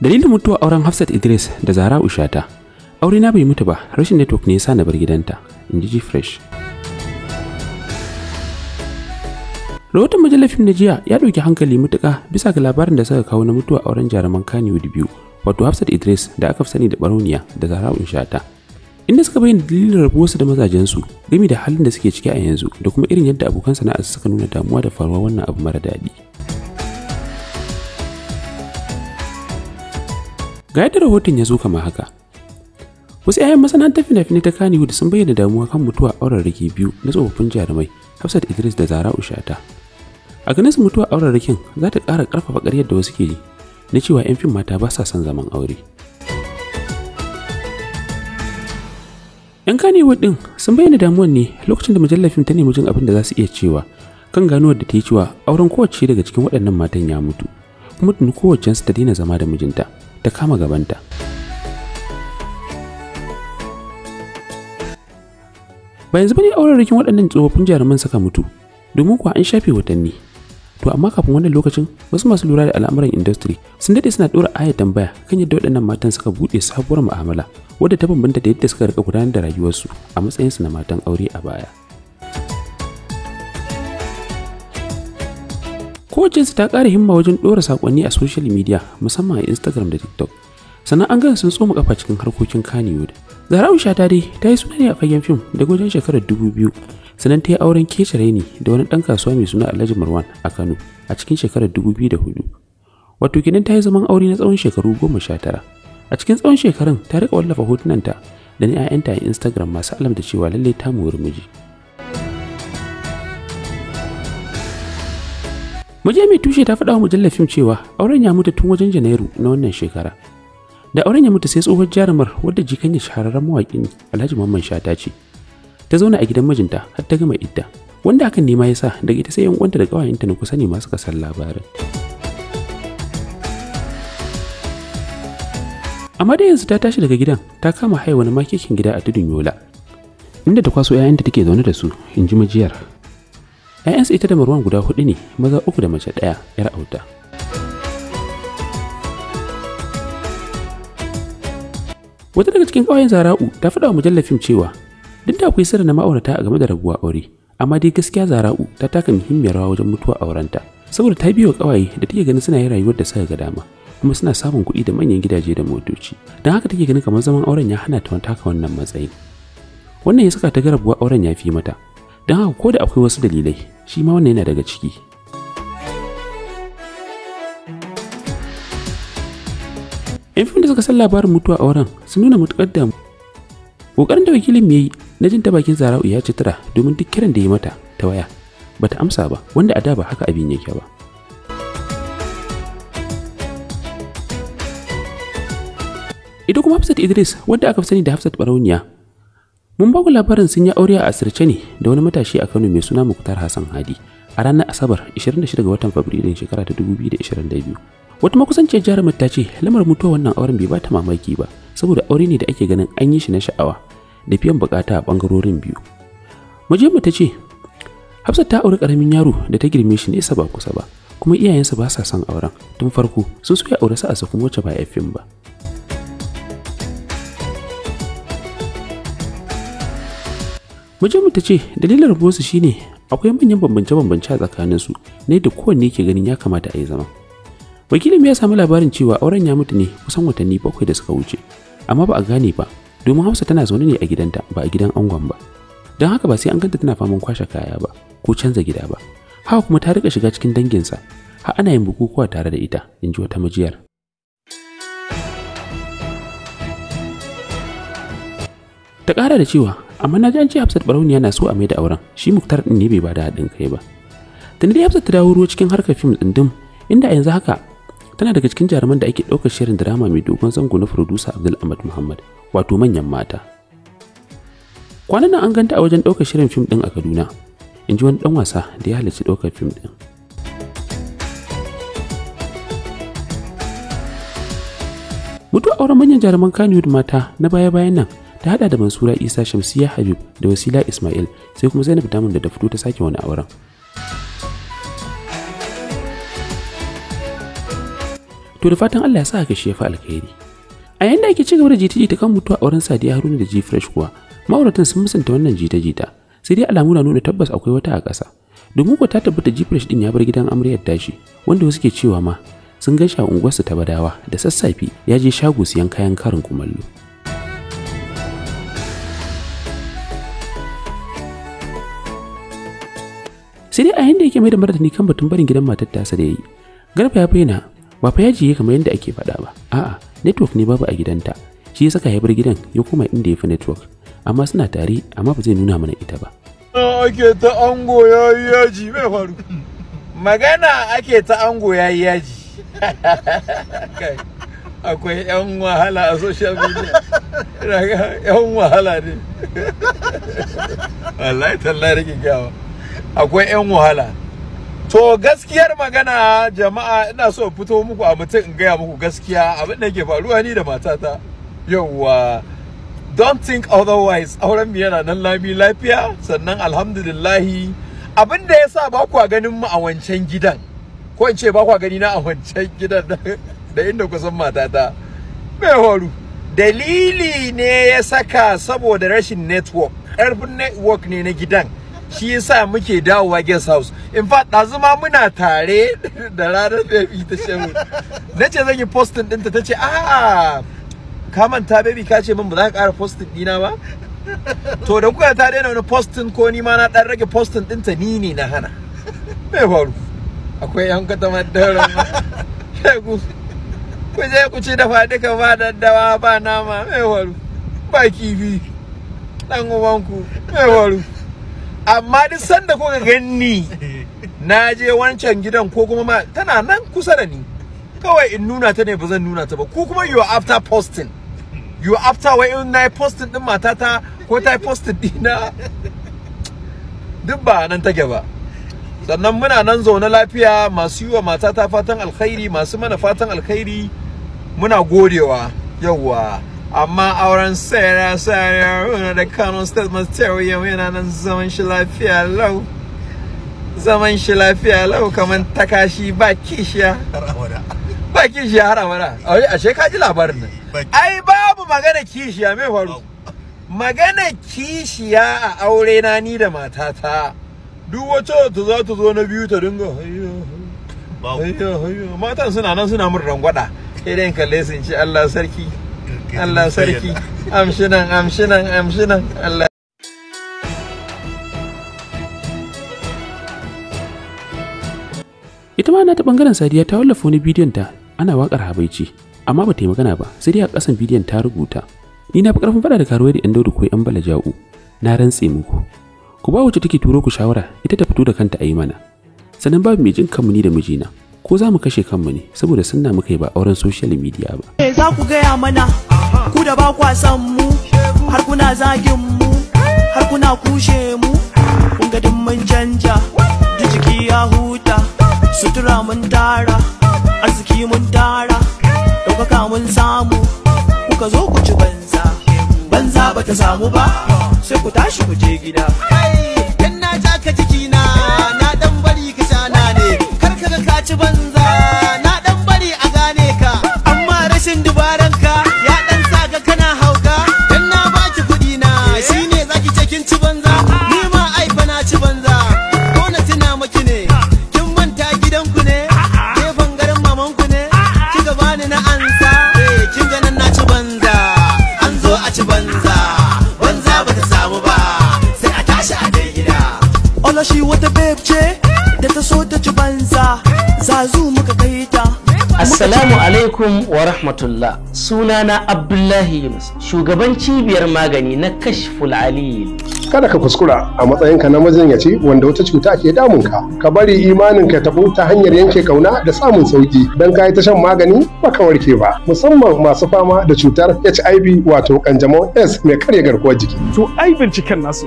dalilin mutuwa auren hafsat idris da zahra ushata aure na bai mutu ba rashin network ne yasa na bar gidanta in ji fresh rahoton majalar fim na jiya ya ɗauki hankali matuka bisa ga labarin da suka kawo na mutuwa auren jaruman kaniwood biyu wato hafsat idris da aka fi sani da barauniya da zahra ushata inda suka bayyana dalilin rabuwarsu da mazajensu gami da halin da suke ciki a yanzu da kuma irin yadda abokan sana'a suka nuna damuwa da faruwa wannan abu mara daɗi. Ga yadda rahoton ya zo kamar haka. Wasu 'ya'yan masana'antar fina-finai ta da sun bayyana damuwa kan mutuwa auren rike biyu na tsofaffin jarumai Hafsat Idris da Zara Ushata. A ganin su mutuwa auren rikin za ta ƙara ƙarfafa ƙaryar da wasu ke yi na cewa 'yan fim mata ba sa son zaman aure. 'Yan Kannywood ɗin sun bayyana damuwa ne lokacin da mujallar fim ta nemi jin abin da za su iya cewa kan ganuwar da ta yi cewa auren kowace daga cikin waɗannan matan ya mutu kuma tuni su ta daina zama da mijinta. ta kama gabanta ba yanzu bane auren rikin waɗannan tsofaffin jaruman suka mutu domin kuwa an shafe watanni to amma kafin wannan lokacin wasu masu lura da al'amuran industry sun dade suna ɗora ayar tambaya kan yadda waɗannan matan suka buɗe sabuwar mu'amala wadda ta bambanta da yadda suka rika gudanar da rayuwarsu a matsayinsu na matan aure a baya kowace ta ƙara himma wajen ɗora saƙonni a social media musamman a instagram da tiktok sannan an gaya sun tsoma kafa cikin harkokin kaniwood zarau shata dai ta yi suna ne a fagen fim da wajen shekarar dubu biyu sannan ta yi auren kece raini da wani ɗan kasuwa mai suna alhaji marwan a kano a cikin shekarar dubu da hudu wato kenan ta yi zaman aure na tsawon shekaru goma sha tara a cikin tsawon shekarun ta riƙa wallafa hotunanta da na 'ya'yanta a instagram masu alam da cewa lallai ta miji. maje mai tushe ta faɗa wa mujallar fim cewa auren ya mutu tun wajen Janairu na wannan shekara. Da auren ya mutu sai tsohon jarumar wadda jikanya shahararren mawaƙin Alhaji Mamman Shata ce. Ta zauna a gidan mijinta har ta gama idda, wanda hakan ne ma ya sa daga ita sai yan uwanta da ƙawayenta na kusa ne masu kasar labarin. amma da yanzu ta tashi daga gidan ta kama haihuwa na makekin gida a tudun yola inda ta kwaso 'ya'yanta take zaune da su in ji majiyar ‘ya'yansu ita da marwan guda hudu ne maza uku da mace ɗaya ‘yar auta wata daga cikin ƙawayen zara'u ta faɗa wa mujallar cewa duk da akwai sirri na ma'aurata a game da rabuwa aure amma dai gaskiya zara'u ta taka muhimmiyar rawa wajen mutuwa aurenta saboda ta biyo ƙawaye da take ganin suna yin rayuwar da suka ga dama kuma suna samun kuɗi da manyan gidaje da motoci don haka take ganin kamar zaman auren ya hana ta taka wannan matsayin. wannan ya saka ta ga rabuwa auren ya fi mata don haka ko da akwai wasu dalilai shi ma wannan yana daga ciki yan fim da suka san labarin mutuwa a wurin sun nuna matuƙar damu ƙoƙarin da wakilin ya yi na jin ta bakin zara'u ya ci tura domin duk kiran da ya mata ta waya bata amsa ba wanda a da ba haka abin yake ba ita kuma Hafsat Idris wadda aka fi sani da Hafsat Barauniya Mun baku labarin sun yi aure a asirce ne da wani matashi a Kano mai suna Muktar Hassan Hadi a ranar Asabar 26 ga watan Fabrairun shekara ta 2022. Wata makusanciyar jarumar ta ce lamar mutuwa wannan auren bai bata mamaki ba saboda aure ne da ake ganin an yi shi na sha'awa da fiyan bukata a bangarorin biyu. mu ta ce Hafsat ta auri karamin yaro da ta girme shi nesa ba kusa ba kuma iyayensa ba sa son auren tun farko sun soya ya aure sa a sakun wacce ba fim ba. Mijinmu ta ce dalilar buwarsu shine akwai manyan bambance-bambance a su ne da kowanne ke ganin ya kamata a yi zama. Wakilin ya samu labarin cewa auren ya mutu ne kusan watanni bakwai da suka wuce, amma ba a gane ba domin hausa tana zaune ne a gidanta ba a gidan angon ba. Don haka ba sai an ganta tana faman kwashe kaya ba ko canza gida ba. Haka kuma ta rika shiga cikin danginsa har ana yin bukukuwa tare da ita, in ji wata majiyar. Ta kara da cewa amma na ji an ce Hafsat Barauniya na so a da auren shi Muktar ɗin ne bai bada haɗin kai ba tun dai Hafsat ta dawo ruwa cikin harkar fim din dim inda a yanzu haka tana daga cikin jaruman da ake ɗaukar shirin drama mai dogon zango na producer Abdul Ahmad Muhammad wato manyan mata kwanan nan an ganta a wajen ɗaukar shirin fim ɗin a Kaduna in ji wani ɗan wasa da ya halarci ɗaukar fim ɗin. mutuwar auren manyan jaruman Kannywood mata na baya-bayan nan ta hada da mansura isa shamsiya habib da wasila ismail sai kuma zainab damun da ta fito ta sake wani auren to da fatan allah ya sa ka shefa alkhairi a yanda ake ci gaba da jita-jita kan mutuwa auren sadiya haruna da fresh kuwa ma'auratan sun musanta wannan jita-jita sai dai alamu na nuna tabbas akwai wata a ƙasa domin ko ta tabbata fresh din ya bar gidan amaryar tashi wanda wasu ke cewa ma sun a unguwarsu ta badawa da sassafe ya je shago siyan kayan karin kumallo. sai dai a yanda yake mai da martani kan batun barin gidan matar tasa da yayi garba ya faina ba fa yaji kamar yanda ake faɗa ba a'a network ne babu a gidanta shi ya saka ya bar gidan ya koma inda ya fi network amma suna tare amma ba zai nuna mana ita ba ake ta ango yayi yaji mai faru magana ake ta ango yayi yaji akwai 'yan wahala a social media yan wahala ne wallahi tallar gawa akwai 'yan wahala to gaskiyar magana jama'a ina so in fito muku a mutum in gaya muku gaskiya abin da ke faruwa ni da matata yauwa don't think otherwise auren mu yana nan lami lafiya sannan alhamdulillahi abin da ya sa ba kwa ganin mu a wancan gidan ko in ce ba kwa gani na a wancan gidan da inda kusan matata mai horu dalili ne ya saka saboda rashin network ƙarfin network ne na gidan shi yasa muke dawowa guest house in fact ɗazu ma muna tare da ranar baby ta shehu na ce zan yi postin ɗinta ta ce a ah, ka manta baby ka ce min ba za ka ƙara postin ɗina ba to da kuka ta daina wani postin ko ni ma na ɗan rage postin ɗinta ni ne na hana me faru akwai yan katamar madara ma shegu ku je ku ci dafa duka ba daddawa ba nama me faru ba kifi ɗan uwanku me faru amma duk sanda kuka ganni na je wancan gidan ko kuma ma tana nan kusa da ni kawai in nuna ta ne ba zan nuna ta ba ku kuma you are after posting you are after wai in na yi posting din matata ko ta yi posting dina duk ba nan take ba sannan muna nan zaune lafiya masu yi wa matata fatan alkhairi masu mana fatan alkhairi muna godewa yauwa amma auren sai na sani haruna da kano state material yana nan zaman shi lafiya lau zaman shi lafiya lau kamar takashi ba kishiya ba kishiya har abada a ashe ka ji labarin nan ai babu magana kishiya mai faru magana kishiya a aure na ni da matata duk wata ta za ta zo na biyu ta dinga hayyo hayyo matan suna nan suna min rangwada sai dai kalle sun ci Allah sarki Allah sarki nan amshi nan Allah ita ma na ta bangaren sadiya ta wallafa wani bidiyon ta ana wakar habaici amma ba ta yi magana ba sai dai a kasan bidiyon ta rubuta ni na fi karfin fada da karuwa da yan daudu ko bala ja'u na rantse muku ku ba wacce take turo ku shawara ita ta fito da kanta a yi mana sannan babu mai jin kanmu ni da mijina ko za mu kashe kanmu ne saboda sunna muka yi ba auren social media ba za ku gaya mana ku da ba kwa san mu har kuna zagin mu har kuna kushe mu kun ga mun canja da jiki ya huta sutura mun tara arziki mun tara ɗaukaka mun samu kuka zo ku ci banza banza ba ta samu ba sai ku tashi ku je gida dan na jaka jikina na dan daga kaci banza muka gaita Assalamu alaikum wa rahmatullah sunana Abdullahi Yunus shugaban cibiyar magani na kashful alil kada ka kuskura a matsayinka na ce, wanda wata cuta ke damunka ka bari imanin ka tabu ta hanyar yanke kauna da samun sauki don ka yi ta shan magani ba ka warke ba musamman masu fama da cutar HIV wato kanjamau S mai karya garkuwar jiki to ai binciken nasu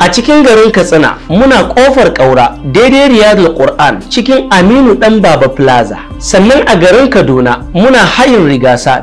a cikin garin katsina muna kofar kaura daidai riyadul qur'an cikin aminu dan baba plaza sannan a garin kaduna muna hayin rigasa